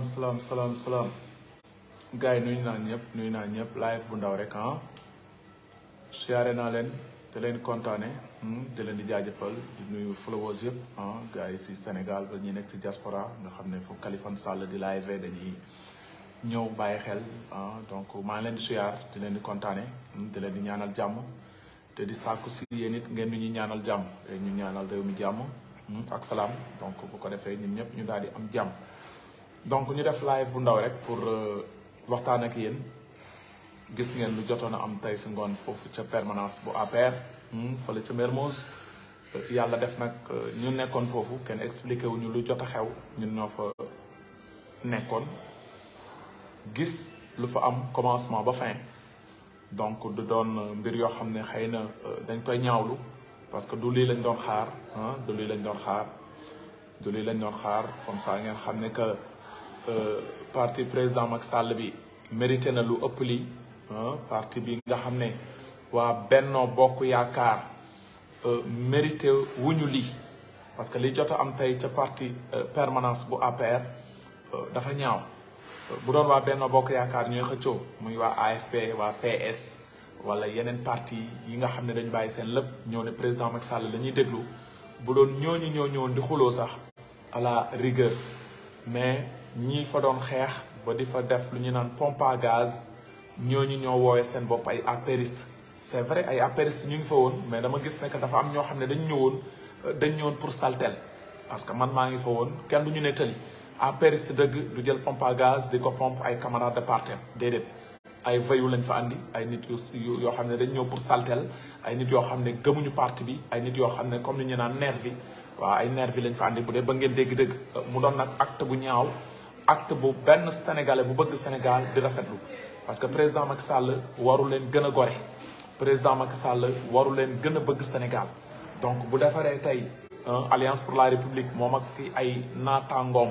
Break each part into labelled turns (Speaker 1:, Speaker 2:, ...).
Speaker 1: salaam salaam salaam salaam gars yi nuyu naa ñëpp nuyu naa ñëpp live bu ndaw rek ah siyaare naa leen te leen kontaane te hmm, leen di jaajëfal di nuyu followers yëpp ah si Sénégal ba ñi nekk ci jaspora nga xam ne fu Kaliphone Sall di live dañuy ñëw bàyyi xel ah. donc maa ngi leen di siyaar te leen di kontaane te hmm, leen di ñaanal jàmm te di sàkku si yéen it ngeen ñu ñaanal jàmm ñu ñaanal réew mi jàmm hmm, ak salaam donc bu ko defee ñun ñëpp ñu daal di am jàmm. donc ñu def live bu ndaw rek pour euh, waxtaan ak yéen gis ngeen lu jotoon a am tey si ngoon foofu ca permanence bu fa hmm, la ca Mermoz euh, yàlla def nag euh, ñu nekkoon foofu kenn expliqué wu ñu lu jot a xew ñun ñoo fa nekkoon gis lu fa am commencement ba fin donc du doon mbir yoo xam ne xëy na dañ koy ñaawlu parce que du lii lañ doon xaar du lii lañ doon xaar lañ doon xaar comme ça ngeen xam ne Euh, partie président Macky Sall bi mérité na lu ëpp lii parti bi nga xam ne waa Benno Bokk Yaakaar euh, mérité wuñu li parce que li jot a am tey ca parti euh, permanence bu APR dafa ñaaw bu doon waa Benno Bokk Yaakaar ñooy xëccoo muy waa AFP waa PS wala yeneen parti yi nga xam ne dañu bàyyi seen lépp ñoo ne président Macky Sall la ñuy déglu bu doon ñooñu ñoo ñëwoon di xuloo sax à la rigueur mais ñii fa doon xeex ba di fa def lu ñu naan pompe à gaz ñooñu ñoo woowee seen bopp ay apériste c'est vrai ay apériste ñu ngi fa woon mais dama gis nekk dafa am ñoo xam ne dañ ñëwoon euh, dañ ñëwoon pour saltel parce que man maa ngi fa woon kenn du ñu nettali apériste dëgg du jël pompe gaz di ko pompe ay camarades de partem déedéet ay veyu lañ fa andi ay nit yoo xam ne dañ ñëw pour saltel ay nit yoo xam ne gëmuñu parti bi ay nit yoo xam ne comme ni ñu naan nervi waaw ay nervi lañ fa andi bu dee ba ngeen dégg-dégg mu doon nag acte bu ñaaw acte bu benn sénégalais bu bëgg Sénégal di rafetlu parce que président Macky Sall waru leen gën a gore président Macky Sall waru leen gën a bëgg Sénégal donc bu defaree tey alliance pour la république moom ak ay naataangoom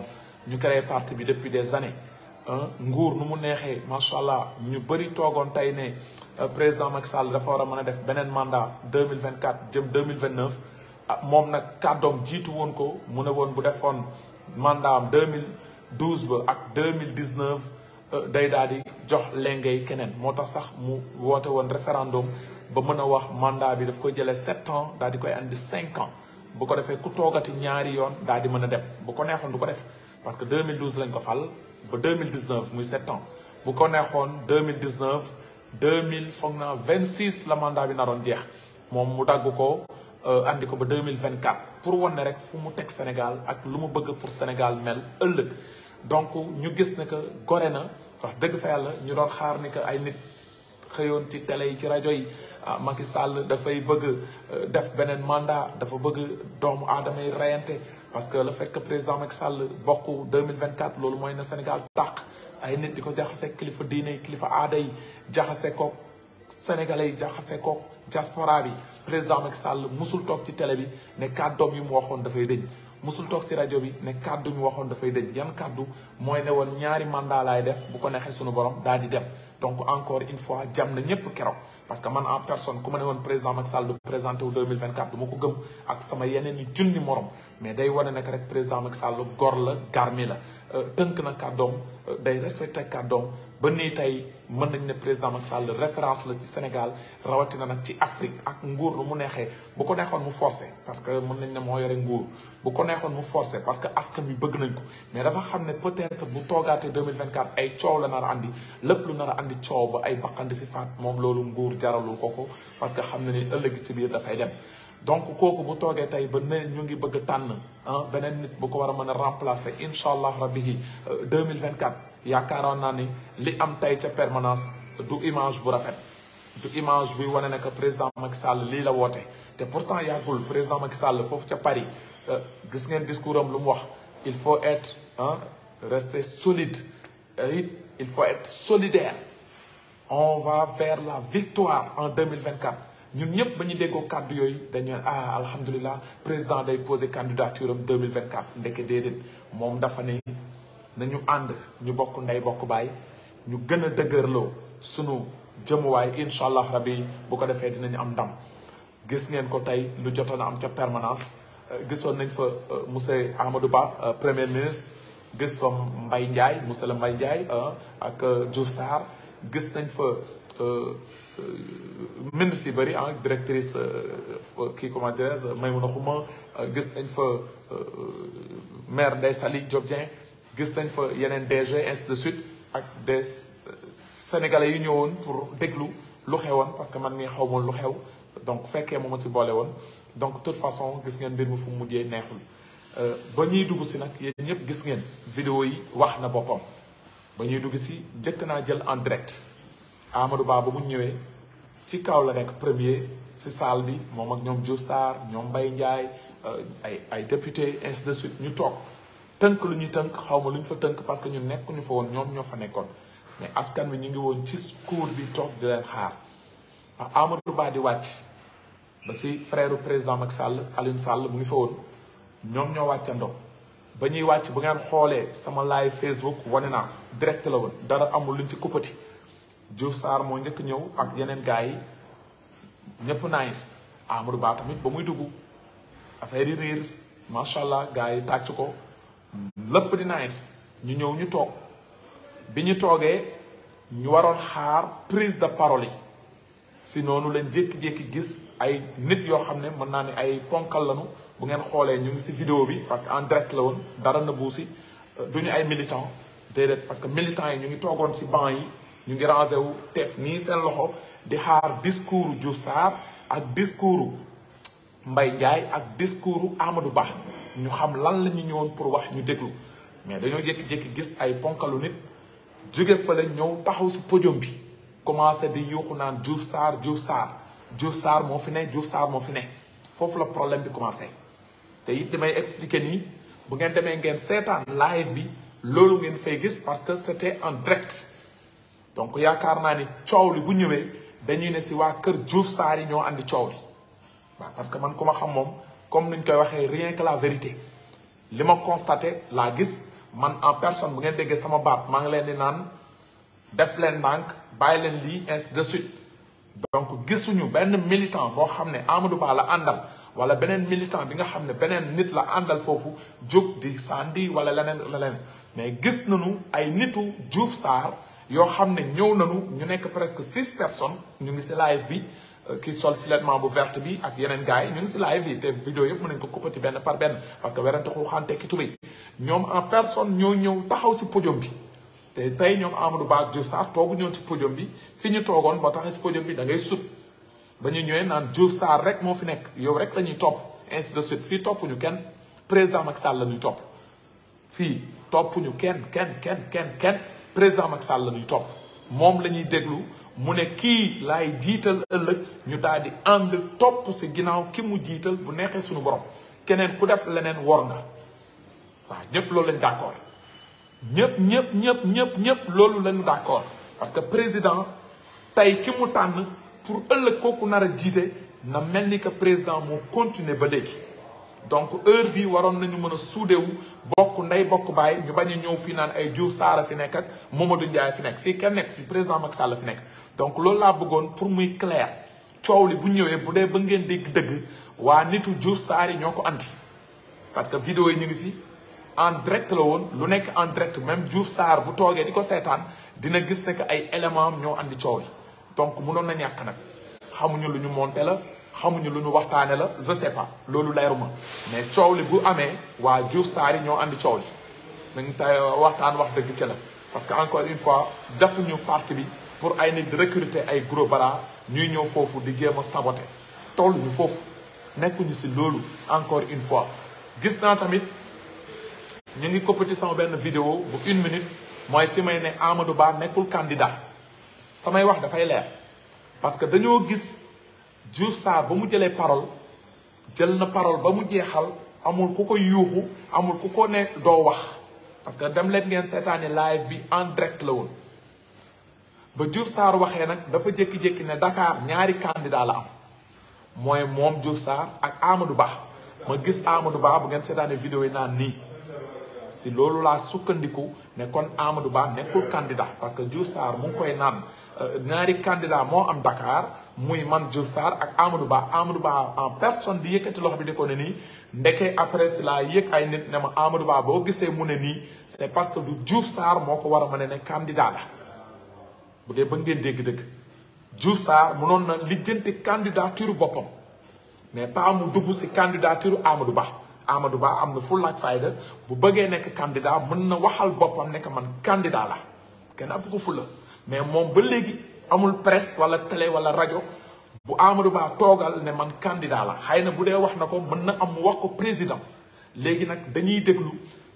Speaker 1: ñu créé parti bi depuis des années nguur nu mu neexee macha allah ñu bëri toogoon tey ne euh, président Macky Sall dafa war a mën a def beneen mandat 2024 jëm 2029 ah moom nag kàddoom jiitu woon ko mu ne woon bu defoon mandat am douze ba ak deux mille dix neuf euh, day daal di jox lengay keneen moo tax sax mu woote woon référendum ba mën a wax mandat bi daf koy jëlee sept ans daal di koy indi cinq ans bu ko defee ku toogati ñaari yoon daal di mën a dem bu ko neexoon du ko def parce que 2012 lañ ko fal ba 2019 muy sept ans bu ko neexoon 2019 2000 foog naa 26 la mandat bi naroon jeex moom mu dagg ko indi euh, ko ba mille vingt 2024 pour wan ne rek fu mu teg Sénégal ak lu mu bëgg pour Sénégal mel ëllëg. donc ñu gis ne que gore na wax dëgg fa yàlla ñu doon xaar ni que ay nit xëyoon ci télé yi ci rajo yi ah sàll dafay bëgg euh, def beneen mandat dafa bëgg doomu aadama yi reyante parce que le fekk que président Macky Sall bokk 2024 loolu mooy na Sénégal tàq ay nit di ko jaxase kilifa diine yi kilifa aada yi jaxase koog sénégalais yi jaxase koog diaspora yi président Macky sàll musul toog ci télé bi ne kàddoom yi mu waxoon dafay dëñ mosul toog si rajo bi ne kàddu ñu waxoon dafay dëñ yan kàddu mooy ne woon ñaari mandat laay def bu ko neexee suñu borom daal di dem donc encore une fois jam na ñépp keroog parce que man en personne ku ma ne woon président Macky Sall du présenté wu 2024 du ma ko gëm ak sama yeneen i junni morom mais day wane nag rek président Macky Sall gor la garmi la euh, tënk na kàddoom euh, day respecté kàddoom ba nii tey mën nañ ne président Macky Sall référence la ci Sénégal rawatina nag ci Afrique ak nguur lu mu neexee bu ko neexoon mu forcé parce que mën nañ ne moo yore nguur bu ko neexoon mu forcé parce que askan wi bëgg nañ ko mais dafa xam ne peut-être bu toogaatee 2024 ay coow la nar a andi lépp lu nar a andi coow ba ay baqandi si faat moom loolu nguur jaralul ko ko parce que xam na ni ëllëg si biir dafay dem. donc kooku bu toogee tey ba ne ñu ngi bëgg tànn ah beneen nit bu ko war a mën a remplacer incha allah rabi 2024. Euh, yaakaaroon naa ni li am tey ca permanence du image bu rafet du image buy wane ne que président Macky Sall lii la woote te pourtant yàggul président Macky Sall foofu ca Paris euh, gis ngeen discours am lu mu wax il faut être ah rester solide it il faut être solidaire on va vers la victoire en 2024 ñun ñëpp ba ñu déggoo kàddu yooyu dañu ah alhamdulilah président day poser candidature am 2024 ndeke déedéet moom dafa ne nañu ànd ñu bokk ndey bokk baay ñu gën a dëgërloo sunu jëmuwaay incha allah rabi bu ko defee dinañu am ndam gis ngeen ko tey lu jotoon am ca permanence euh, gisoon nañ fa euh, monsieur Amadou Ba euh, premier ministre gis fa Mbaye Ndiaye monsieur le Mbaye Ndiaye ak jur Sarr gis nañ fa ministres yi bëri ah directrice kii comment dirais-je Maymouna Xuma gis nañ fa maire Ndeye sali Diop gis nañ fa yeneen DG ainsi de suite ak des euh, sénégalais yu ñëwoon pour déglu lu xewoon parce que man mii xaw moon lu xew donc fekkee moom ma si boole woon donc de toute façon gis ngeen mbir mi fu mu mujjee neexul euh, ba ñuy dugg si nag yéen ñëpp gis ngeen vidéo yi wax na boppam ba ñuy dugg si jëkk naa jël en direct Amadou Ba ba mu ñëwee ci kaw la nekk premier si salle bi moom ak ñoom jur saar ñoom Mbaye Ndiaye euh, ay ay député ainsi de suite ñu toog tënk lu ñuy tënk xaw ma lu ñu fa tënk parce que ñun nekkuñu fa woon ñoom ñoo fa nekkoon mais askan wi ñu ngi woon ci cour bi toog di leen xaar ndax Amadou Ba di wàcc ba si freeru président Macky Sall Alioune sàll mu ngi fa woon ñoom ñoo wàccandoo ba ñuy wàcc bu ngeen xoolee sama laay Facebook wane naa ko direct la woon dara amul luñ ci kuppati Diouf Sarr moo njëkk ñëw ak yeneen gars yi ñëpp nice Amadou Ba tamit ba muy dugg affaire yi riir macha allah gars yi tàcc ko. lépp di nice ñu ñëw ñu toog bi ñu toogee ñu waroon xaar prise de parole yi si noonu lañ jékki-jékki gis ay nit yoo xam ne mën naa ni ay ponkal lañu bu ngeen xoolee ñu ngi si vidéo bi parce que en direct la woon dara na bu si euh, du ñu ay militant déedéet parce que militant yi ñu ngi toogoon si banc yi ñu ngi rangé wu teef nii seen loxo di xaar discours Diouf Sarr ak discours mbay Ndiaye ak discours Amadou Ba ñu xam lan la ñu ñëwoon pour wax ñu déglu mais dañoo jékki-jékki gis ay ponkalu nit jóge fële ñëw taxaw si podium bi commencé bi yuuxu naan Diouf Sarr Diouf Sarr Diouf Sarr moo fi ne Diouf Sarr moo fi ne foofu la problème bi commencé te it damay expliqué nii bu ngeen demee ngeen seetaan live bi loolu ngeen fay gis parce que c'était en direct donc yaakaar naa ni coow li bu ñëwee dañuy ne si waa kër Diouf saar yi ñoo andi coow li waaw parce que man ku xam moom comme ñu koy waxee rien que vérité li ma constaté laa gis man en personne bu ngeen déggee sama baat maa ngi leen di naan def leen ndànk bàyyi leen lii ainsi de suite donc gisuñu benn militant boo xam ne Amadou Ba la àndal wala beneen militant bi nga xam ne beneen nit la àndal foofu jóg di sandi wala leneen leneen mais gis nañu ay nitu Diouf Sarr yoo xam ne ñëw nañu ñu nekk presque six personnes ñu ngi si live bi Euh, ki sol silettement bu verte bi ak yeneen gars yi ñu ngi si live yi te vidéo yëpp mën nañu ko coupati benn par benn parce que werante xuuxaante ki tubéy ñoom en personne ñoo ñëw taxaw si podium bi te tey ñoom Amadou Ba Diouf Sarr toogu ñëw si podium bi fi ñu toogoon boo taxee si podium bi da ngay sut ba ñu ñëwee naan Diouf Sarr rek moo fi nekk yow rek la topp ainsi de suite fii toppuñu kenn président Macky Sall la ñuy topp fii toppuñu kenn kenn kenn kenn kenn président Macky Sall la ñuy topp moom la ñuy déglu mu ne kii laay jiital ëllëg ñu daal di ànd topp si ginnaaw ki mu jiital bu neexee suñu borom keneen ku def leneen wor nga waaw ñëpp loolu lañ d'accord ñëpp ñëpp ñëpp ñëpp ñëpp loolu lañ d'accord parce que président tey ki mu tànn pour ëllëg kooku nar a jiite na mel ni que président moo continuer ba léegi. donc heure bi waroon nañu mën a wu bokk ndey bokk baay ñu bañ a ñëw fii naan ay Diouf Sarr fi nekk ak Mamadou Ndiaye fi nekk fii kenn nekk fii président Macky Sall fi nekk donc loolu laa bëggoon pour muy clair coow li bu ñëwee bu dee ba ngeen dégg dëgg waa nitu Diouf Sarr yi ñoo ko andi parce que vidéo yi ñu ngi fi en direct la woon lu nekk en direct même Diouf saar bu toogee di ko seetaan dina gis ne que ay éléments am ñoo andi coow li donc mënoon na ñàkk nag xamuñu lu ñu monté la xamuñu lu ñu waxtaane la je sais pas loolu leeruma mais coow li bu amee waa Diouf Sarr yi ñoo andi coow li nañ tey waxtaan wax dëgg ca la parce que encore une fois defuñu parti bi pour ay nit recruter ay gros bras ñuy ñëw foofu di jéem sabote saboter tolluñu foofu nekkuñu si loolu encore une fois gis naa tamit ñu ngi coppati sama benn vidéo bu une minute mooy fi may ne Amadou Ba nekkul candidat samay wax dafay leer parce que dañoo gis Diouf Sarr ba mu jëlee parole jël na parole ba mu jeexal amul ku ko yuuxu amul ku ko ne doo wax parce que dem leen ngeen seetaani live bi en direct la woon ba jur Sarr waxee nag dafa jékki-jékki ne dakaar ñaari candidat la am mooy moom Diouf Sarr ak Amadou baax ma gis ama du baax bu ngeen seetaanee vidéo yi naan nii si loolu laa sukkandiku ne kon Amadou baax nekkul candidat parce que jur Sarr mu ngi koy naan euh, ñaari candidat moo am Dakar muy man Diouf Sarr ak Amadou Ba Amadou Ba en personne di yëkkati loxo bi di ko ne nii ndeke après si laa yëg ay nit ne ma Amadou Ba boo gisee mu ne nii c'est parce que du Diouf saar moo ko war a mën a ne candidat la bu dee dégg-dëgg Diouf mënoon na lijjanti candidature boppam mais pas mu dugg si candidature Amadou Ba Amadou Ba am na fulla ak fayda bu bëggee nekk candidat mën na waxal boppam nekk man candidat la kenn ëpp ko fulla mais moom ba léegi. amul presse wala télé wala rajo bu Amadou Ba toogal ne man candidat la xëy na bu dee wax na ko mën na am wax ko président léegi nag dañuy déglu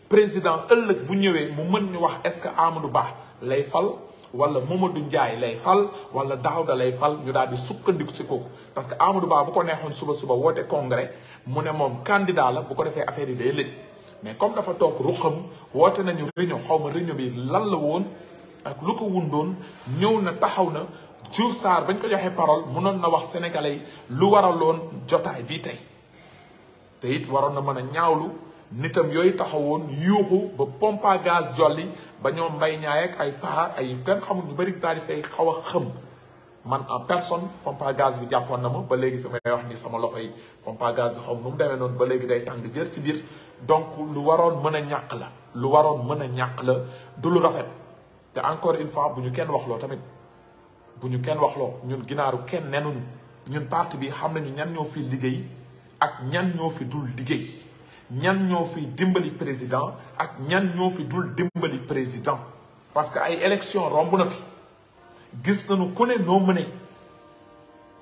Speaker 1: président ëllëg bu ñëwee mu mën ñu wax est-ce que Amadou Ba lay fal wala Mamadou Ndiaye lay fal wala da lay fal ñu daal di sukkandiku si kooku parce que Amadou Ba bu ko neexoon suba suba woote congrès mu ne moom candidat la bu ko defee affaire yi day lëj mais comme dafa toog ruqam woote nañu réunion xaw ma réunion bi lan la woon ak lu ko wundoon ñëw na taxaw na Diouf Sarr bañ ko joxee parole mënoon na wax sénégalais lu waraloon jotaay bii tey te it waroon na mën a ñaawlu nitam yooyu taxawoon yuuxu ba pompe à gaz jolli ba ñoom mbay ñaay ay paar ay kenn xamul ñu bëri daal di fay xaw a xëm man en personne pompe à bi jàppoon na ma ba léegi fi may wax ni sama loxo yi pompe bi xaw nu mu demee noonu ba léegi day tàng jër ci biir donc lu waroon mën a ñàkk la lu waroon mën a ñàkk la du lu rafet te encore une fois bu ñu kenn wax loo tamit bu ñu kenn waxloo ñun ginaaru kenn nenuñu ñun parti bi xam nañu ñan ñoo fi liggéey ak ñan ñoo fi dul liggéey ñan ñoo fi dimbali président ak ñan ñoo fi dul dimbali président parce que ay élection romb na fi gis nañu ku ne noo mënee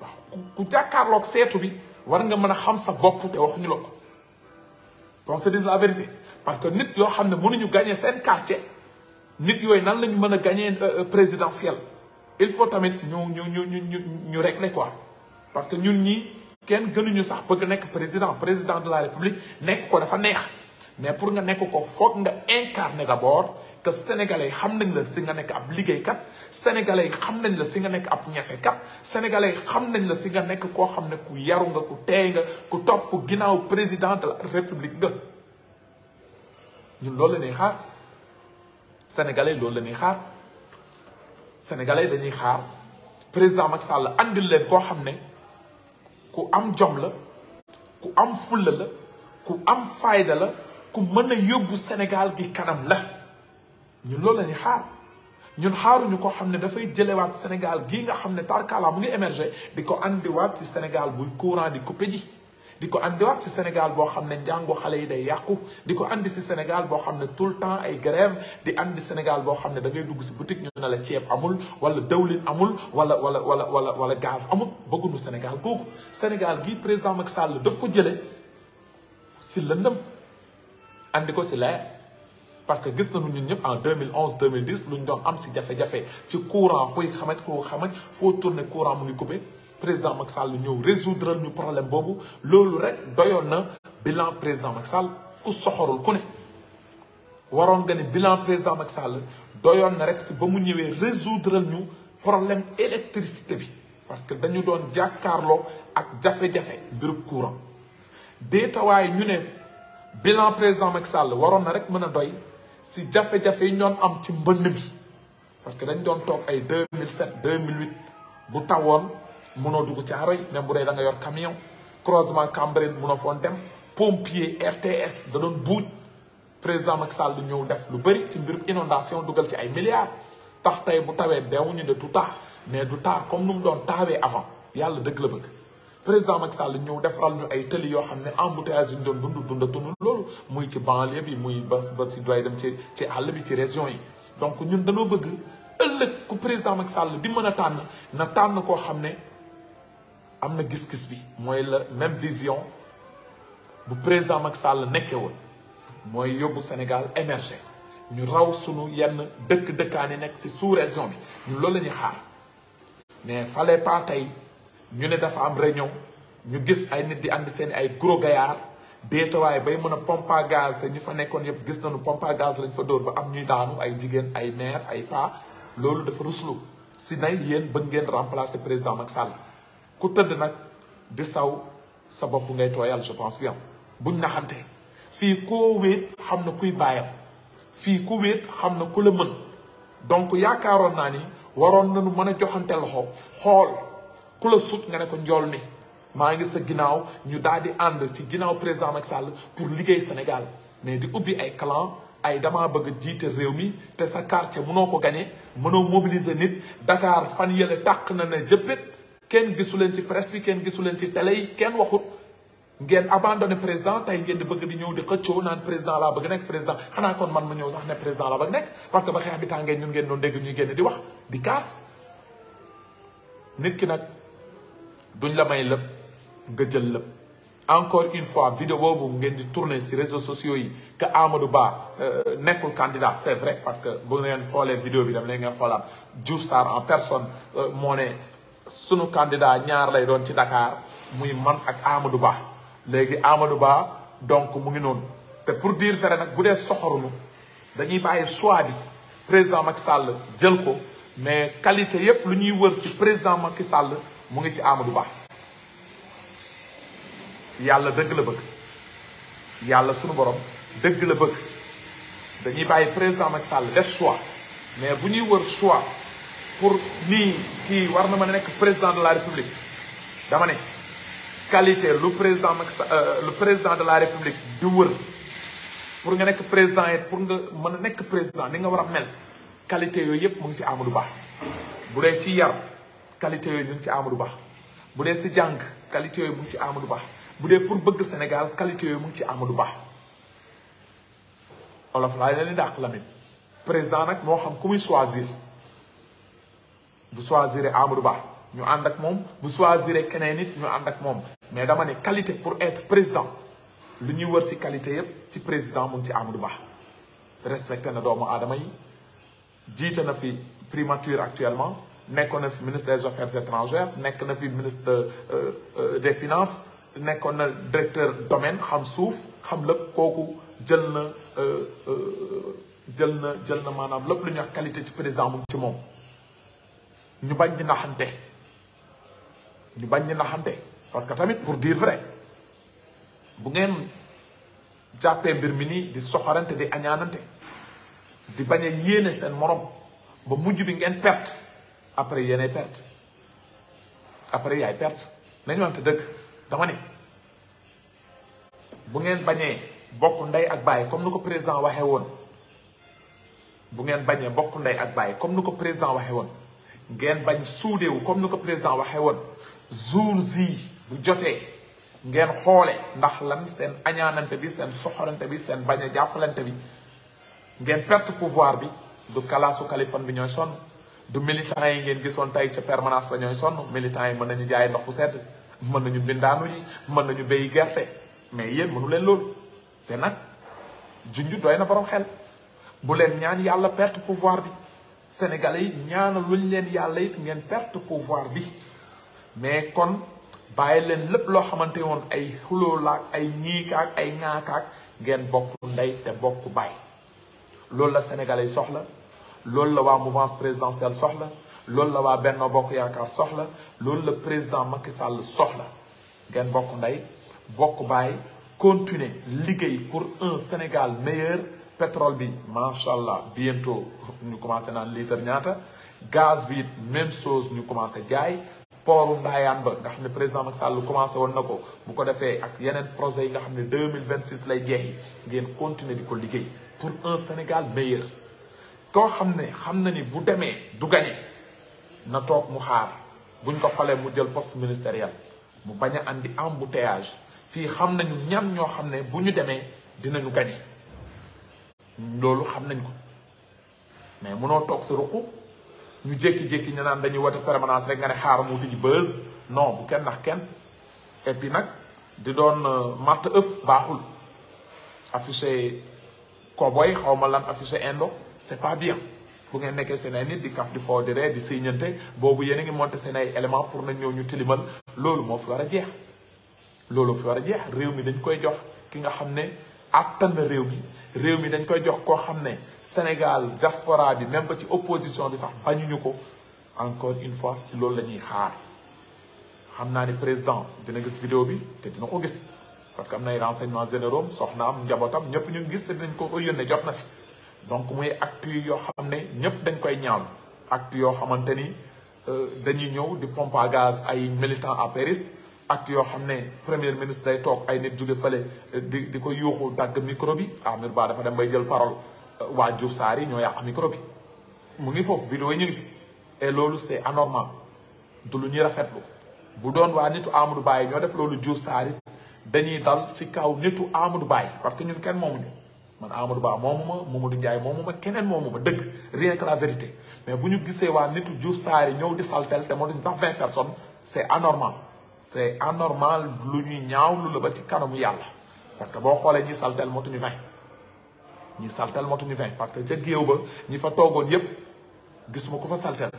Speaker 1: waaw ku jàkkaarlook seetu bi war nga mën a xam sa bopp te waxuñu la ko qu'on se la vérité parce que nit yoo xam ne mënuñu gagner seen quartier nit yooyu nan lañu mën a gagner euh, euh, présidentielle il faut tamit ñu ñu ñu ñu ñu ñu régler quoi parce que ñun ñi kenn gënuñu sax bëgg nekk président président de la république nekk ko dafa neex mais pour nga nekk ko foog nga incarner d'abord que sénégalais yi xam nañ la si nga nekk ab liggéeykat sénégalais yi xam nañ la si nga nekk ab ñefekat sénégalais xam nañ la si nga nekk koo xam ne ku yaru nga ku teey nga ku topp ginnaaw président de la république nga ñun loolu la sénégalais loolu la ñuy xaar sénégalais dañuy xaar président Macky Sall andil leen koo xam ne ku am jom la ku am fulla la ku am fayda la ku mën a yóbbu Sénégal gi kanam la ñun loolu la ñuy xaar ñun xaaruñu koo xam ne dafay jëlewaat Sénégal gii nga xam ne tarkala mu ngi émerger di ko andiwaat ci Sénégal buy courant di coupé ji di ko andiwaat si Sénégal boo xam ne njàngu xale yi day yàqu di ko andi si Sénégal boo xam ne tout le temps ay grève di andi Sénégal boo xam ne da ngay dugg si boutique ñu ne la ceeb amul wala dawlin amul wala wala wala wala wala gaz amul bëgguñu Sénégal googu Sénégal gi président Macky Sall daf ko jële si lëndëm andi ko si leer parce que gis nañu ñun ñëpp en 2011 2010 lu ñu doon am si jafe-jafe si courant xuy xamat koo xamat foo tourné courant mu ngi coupé président Macky Sall ñëw résoudre ñu problème boobu loolu rek doyoon na bilan président ma Sall ku soxorul ku ne. waroon nga ne bilan président Macky Sall doyoon na rek si ba mu ñëwee résoudre ñu problème électricité bi parce que dañu doon jàkkaarloo ak jafe-jafe mbiru courant déetawaay ñu ne bilan président Macky Sall waroon na rek mën a doy si jafe-jafe yi ñoon am ci mbënn bi parce que dañ doon toog ay 2007 2008 bu tawoon. munoo dugg ci même bu dee da nga yor camion croisement Cambérène mënoo foon dem pompier RTS da doon buuj président Macky Sall du ñëw def lu bëri ci mbirum inondation dugal ci ay milliards tax tey bu tawee dewuñu de du taa mais du taa comme nu mu doon taawee avant yàlla dëgg la bëgg président Macky Sall ñëw def defaral ñu ay tëli yoo xam ne embouteillage yu ñu doon dund dund dund loolu muy ci banlieue bi muy ba ba ci doy dem ci àll bi ci région yi donc ñun dañoo bëgg ëllëg ku président Macky Sall di mën a tànn na tànn koo xam ne am na gis-gis bi mooy la même vision bu président Macky Sall nekkee woon mooy yóbbu Sénégal émerger ñu raw sunu yenn dëkk-dëkkaan yi nekk ci sous-région bi ñu loolu la ñuy xaar mais fale pas tey ñu ne dafa am réunion ñu gis ay nit di andi seen ay gros gaillard déetawaay bay mën a pompe à gaz te ñu fa nekkoon yëpp gis nañu pompe à gaz lañ fa dóor ba am ñuy daanu ay jigéen ay maire ay pas loolu dafa ruslu si nay yéen bëgg ngeen remplacer président Macky Sall ku tëdd nag di saw sa bopp ngay tooyal je pense bien buñ naxante fii koo wéet xam na kuy baayam fii ku wéet xam na ku la mën donc yaakaaroon naa ni waroon na nañu mën a joxante loxo xool ku la sut nga ne ko njool mi maa ngi sa ginnaaw ñu daal di ànd ci ginnaaw président Macky Sall pour liggéey Sénégal mais di ubbi ay clan ay damaa bëgg jiite réew mi te sa quartier mënoo ko gañe mënoo mobiliser nit Dakar fan yële tàq na ne jëppit kenn gisuleen ci presse bi kenn gisu ci télé yi kenn waxut ngeen abandonné président tey ngeen di bëgg di ñëw di xëccoo naan président laa bëgg nekk président xanaa kon man ma ñëw sax ne président laa bëgg nekk parce que ba xeex bi tàngee ñun ngeen doon dégg ñuy génn di wax di kaas nit ki nag duñ la may lépp nga jël lépp encore une fois vidéo boobu ngeen di tourner si réseaux sociaux yi que Amadou Ba euh, nekkul candidat c'est vrai parce que bu ngeen xoolee vidéo bi dam leen ngeen xoolaat Diouf Sarr en personne euh, moo sunu candidat ñaar lay doon ci Dakar muy man ak Amadou Ba léegi Amadou Ba donc mu ngi noonu te pour dire vrai nag bu dee soxorunu dañuy bàyyi choix bi président Macky Sall jël ko mais qualité yépp lu ñuy wër ci président Macky Sall mu ngi ci Amadou Ba yàlla dëgg la bëgg yàlla sunu borom dëgg la bëgg dañuy bàyyi président Macky Sall def choix mais bu ñuy wër choix pour nii kii war na mën a nekk président de la république dama ne qualité lu président Macky le euh, président de la république di wër pour nga nekk président et pour nga mën a nekk président ni nga war a mel qualité yooyu yëpp mu ngi ci Amadou baax bu dee ci yar qualité yooyu ñu ngi ci Amadou baax bu dee ci jàng qualité yooyu mu ngi ci Amadou baax bu dee pour bëgg Sénégal qualité yooyu mu ngi ci Amadou baax olof laa leen di dàq Lamine président nag moo xam ku muy bu choisir Amadou Ba ñu ànd ak moom bu choisir keneen nit ñu ànd ak moom mais dama ne qualité pour être président lu ñuy wër ci qualité yépp ci président mu ci Amadou Ba respecté na doomu aadama yi jiite na fi primature actuellement nekkoon na fi ministre des affaires étrangères nekk na fi ministre euh, euh, des finances nekkoon na directeur domaine xam suuf xam lépp kooku jël na euh, jël na jël na maanaam lépp lu ñuy wax qualité ci président mu ci moom ñu bañ di naxante ñu bañ di naxante parce que tamit pour dire vrai bu ngeen jàppee mbir mi nii di soxarante di añaanante di bañ yéene seen morom ba mujj bi ngeen perte après yéenay perte après yaay perte nañu wante dëgg dama ni bu ngeen bañee bokk ndey ak bàyyi comme ni ko président waxee woon bu ngeen bañee bokk ndey ak baay comme nu ko président waxee woon ngeen bañ suudewu comme ni ko président waxee woon jour ji bu jotee ngeen xoole ndax lan seen añaanante bi seen soxorante bi seen bañ a jàppalante bi ngeen perte pouvoir bi du kalaasu Kaliphone bi ñooy sonn du militants yi ngeen gisoon tey ca permanence la ñooy sonn militants yi mën nañu jaaye ndox bu sedd mën nañu bindaanu yi mën nañu béyi gerte mais yéen mënu leen loolu te nag ju doy na borom xel bu leen ñaan yàlla perte pouvoir bi sénégalais yi ñaanal luñ leen yàlla it ngeen perte pouvoir bi mais kon bàyyi leen lépp loo xamante woon ay xuloo laak ay ñiikaak ay ŋaakaak ngeen bokk ndey te bokk bàyyi loolu la sénégalais soxla loolu la waa mouvance présidentielle soxla loolu la waa Benno Bokk Yaakaar soxla loolu la président Macky Sall soxla ngeen bokk ndey bokk bàyyi continuer liggéey pour un Sénégal meilleur pétrole bi macha allah bientôt ñu commencé naan litre ñaata gaz bi it même chose ñu commencé jaay. pooru ndaayaan ba nga xam ne président Macky Sall commencé woon na ko bu ko defee ak yeneen projet yi nga xam ne deux mille vingt six lay jeexi ngeen continuer di ko liggéey pour un Sénégal meilleur. koo xam ne xam na ni bu demee du gagné na toog mu xaar buñ ko falee mu jël post ministériel mu bañ a andi embouteillage fii xam nañu ñam ñoo xam ne bu ñu demee dinañu gagné. loolu xam nañ ko mais munoo toog sa ruq ñu jékki-jékki ñu naan dañuy woote permanence rek nga ne xaar mu wuti ji bës non bu kenn nax kenn et puis nag di doon euh, matt ëf baaxul affiché cowboy xaw ma lan affiché indo c'est pas bien bu ngeen nekkee seen nit di kaf di foo di ree di siñante boobu yéen a ngi monté seen ay élément pour nañ ñëw ñu tilimal loolu moo fi war a jeex loolu fi war a jeex réew mi dañ koy jox ki nga xam ne àttan na réew mi réew mi dañ koy jox koo xam ne Sénégal diaspora bi même ba ci opposition bi sax bañuñu ko encore une fois si loolu la ñuy xaar xam naa ni président dina gis vidéo bi te dina ko gis parce que am na ay renseignements généraux soxnaam njabootam ñëpp ñu gis te dinañ ko ko yónnee jot na si donc muy acte yoo xam ne ñëpp dañ koy ñaawlu acte yoo xamante ni euh, dañuy ñëw di pompe à gaz ay militants apéristes ak yoo xam ne premier ministre day toog ay nit jóge fële eh, di di ko yuuxu dagg micro bi Amadou Ba dafa dem bay jël parole eh, waa Diouf Sarr yi ñoo yàq micro bi mu ngi foofu vidéo yi ñu ngi fi et loolu c'est anormal du lu ñuy rafetlu bu doon waa nitu Amadou Ba yi ñoo def loolu Diouf Sarr yi dañuy dal si kaw nitu Amadou Ba yi parce que ñun kenn moomuñu man Amadou Ba moomu ma Mamadou Ndiaye moomu ma keneen moomu ma dëgg rien que la mais bu ñu gisee waa nitu Diouf Sarr yi ñëw di saltel te moo sax vingt personnes c'est anormal c'est anormal lu ñuy ñaawlu la ba ci kanamu yàlla parce que boo xoolee ñi saltel motuñu vingt ñi saltel motuñu vingt parce que ca géew ba ñi fa toogoon yépp gisuma ko fa saltel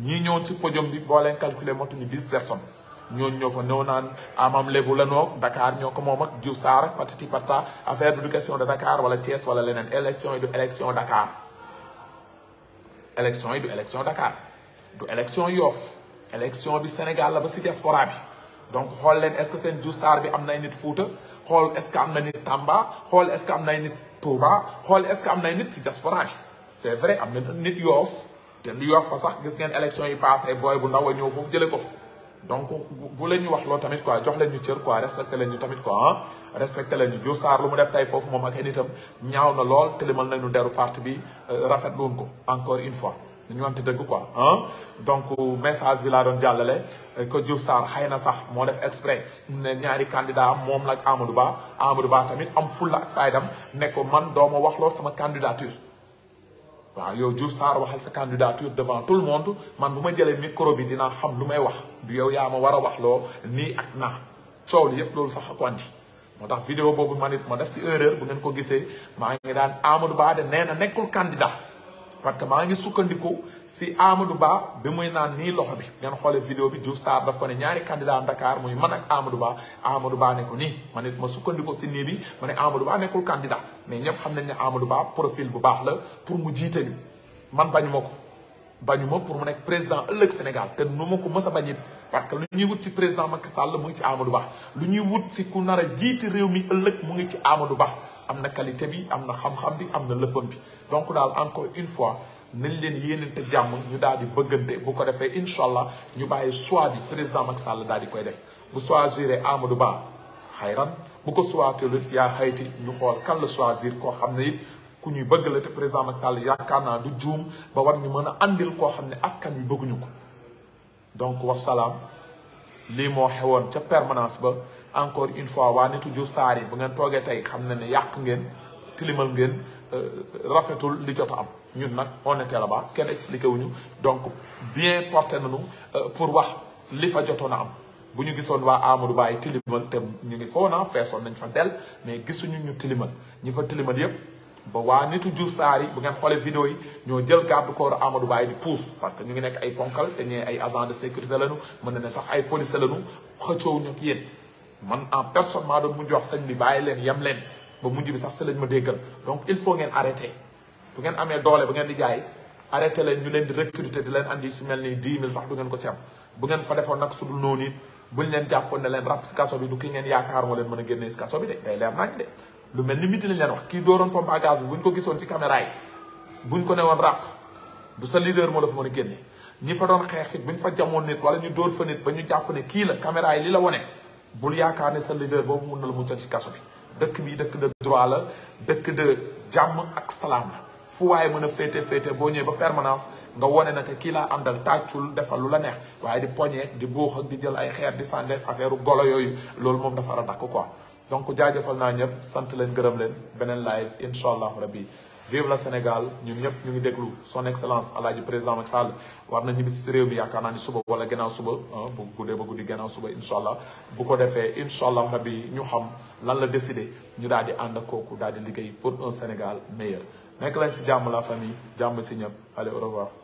Speaker 1: ñii ñëw ci podium bi boo leen calculer motuñu dix personnes ñooñu ñoo fa néew naan amam lébu la noog Dakar ñoo ko moom ak Diouf Sarr ak patati parta affaire d' éducation de Dakar wala Thiès wala leneen élection yi du élection Dakar élection yi du élection Dakar du élection Yoff élection bi Sénégal ba si diaspora bi donc xool leen est-ce que seen Diouf Sarr bi am nay nit Fuuta xool est-ce que am na nit Tamba xool est-ce que am nay nit Touba xool est-ce que am nay nit ci diaspora bi c'est vrai am na nit Yoof te nu Yoof fa sax gis ngeen élection yi passé booy bu ndaw a ñëw foofu jëlee ko fa donc bu leen ñu wax loo tamit quoi jox leen ñu cër quoi respecté leen ñu tamit ko ah respecté leen ñu Diouf Sarr lu mu def tey foofu moom ak ay nitam ñaaw na lool tilimal nañu deru parti bi euh, rafetlu woon ko encore une fois dañu wante dëgg quoi ah donc message bi laa doon jàllale ko Diouf Sarr xëy na sax moo def exprès ne ñaari candidat am moom la ak Amadou Ba Amadou Ba tamit am fulla ak faydam ne ko man doo wax waxloo sama candidature waaw yow Diouf Sarr waxal sa candidature devant tout le monde man bu ma jëlee micro bi dinaa xam lu may wax du yow yaa ma war a waxloo nii ak naa coow yëpp loolu sax ak wanti moo tax vidéo boobu man it ma def si erreur bu ngeen ko gisee maa ngi daan Amadou de nee na nekkul candidat parce que maa ngi sukkandiku si Amadou Ba bi muy naan nii loxo bi ngeen xoolee vidéo bi Diouf saar daf ko ne ñaari candidat Dakar muy man ak Amadou Ba Amadou Ba ne ko nii man it ma sukkandiku si nii bi ma ne Amadou Ba nekkul candidat mais ñëpp xam nañ ne Amadou Ba profil bu baax la pour mu jiite ñu man bañu ma ko bañu ma pour mu nekk président ëllëg Sénégal te nu ma ko mës bañ it parce que lu ñuy wut ci président Macky Sall mu ngi ci Amadou Ba lu ñuy wut si ku nar a jiite réew mi ëllëg mu ngi ci Amadou Ba am na qualité bi am na xam-xam bi am na lëppam bi donc daal encore une fois nañ leen yéenante jàmm ñu daal di bëggante bu ko defee incha allah ñu bàyyi choix bi président Macky Sall daal di koy def bu choisir Amadou Ba xayran bu ko choisirul yaa xayti ñu xool kan la choisir koo xam ne it ku ñuy bëgg la te président Macky Sall yaakaar naa du juum ba war ñu mën a andil koo xam ne askan wi bëgguñu ko donc wasalaam lii moo xewoon ca permanence ba. encore une fois waa nitu Diouf Sarr yi bu ngeen toogee tey xam ne ne yàq ngeen tilimal ngeen euh, rafetul li jot am ñun nag on était là-bas kenn expliqué wuñu donc bien na nañu euh, pour wax li fa jotoon a am bu ñu gisoon waa Amadou Ba ay tilimal te ñu ngi foo na feesoon nañ fa del mais gisuñu ñu tilimal ñi fa tilimal yépp ba waa nitu Diouf Sarr yi bu ngeen xoolee vidéo yi ñoo jël garde corps Amadou Ba di pousse parce que ñu ngi nekk ay ponkal te ay agent de sécurité lañu mën na ne sax ay police lañu xëccoo ñu ak yéen man en personne maa doon mujj wax sëñ bi bàyyi leen yem leen ba mujj bi sax si lañ ma déggal donc il faut ngeen arrêté bu ngeen amee doole ba ngeen di jaay arrêté leen ñu leen di recruter di leen andi si mel ni 10 000 sax du ngeen ko si am bu ngeen fa defoon nag su dul noonu it buñ leen jàppoon ne leen rap ngeen yaakaar moo mel ni miti lañ leen wax kii dooroon pompe à gaz bi buñ ko gisoon ci caméra yi buñ ko newoon rap du sa leader moo la fa mën a génne ñi fa doon xeex bu ñu fa jamoon nit wala ñu dóor fa nit ñu jàpp ne kii la caméra yi li la wone bul yaakaar ne sa leader boobu mun na la muccal ci kaso bi dëkk bi dëkk dëkk droit la dëkk de jàmm ak salaam la fu waaye mën a féete féete boo ñëwee ba permanence nga wone naka kii laa àndal tàccul defal lu la neex waaye di poñe di buux ak di jël ay xeer di sànni affaire golo yooyu loolu moom dafa war a ko quoi donc jaajëfal naa ñëpp sant leen gërëm leen beneen live incha allahu rabbi vive la Sénégal ñun ñëpp ñu ngi déglu son excellence alaaji président Macky Sall war na ñibbi si réew mi yaakaar naa ni suba wala gannaaw suba ah, bu guddee ba guddi gannaaw suba incha allah bu ko defee incha allah rabbi ñu xam lan la décidé ñu daal di ànd ak kooku daal di liggéey pour un Sénégal meilleur nekk lañ si jàmm la famille jàmm si ñëpp allez au revoir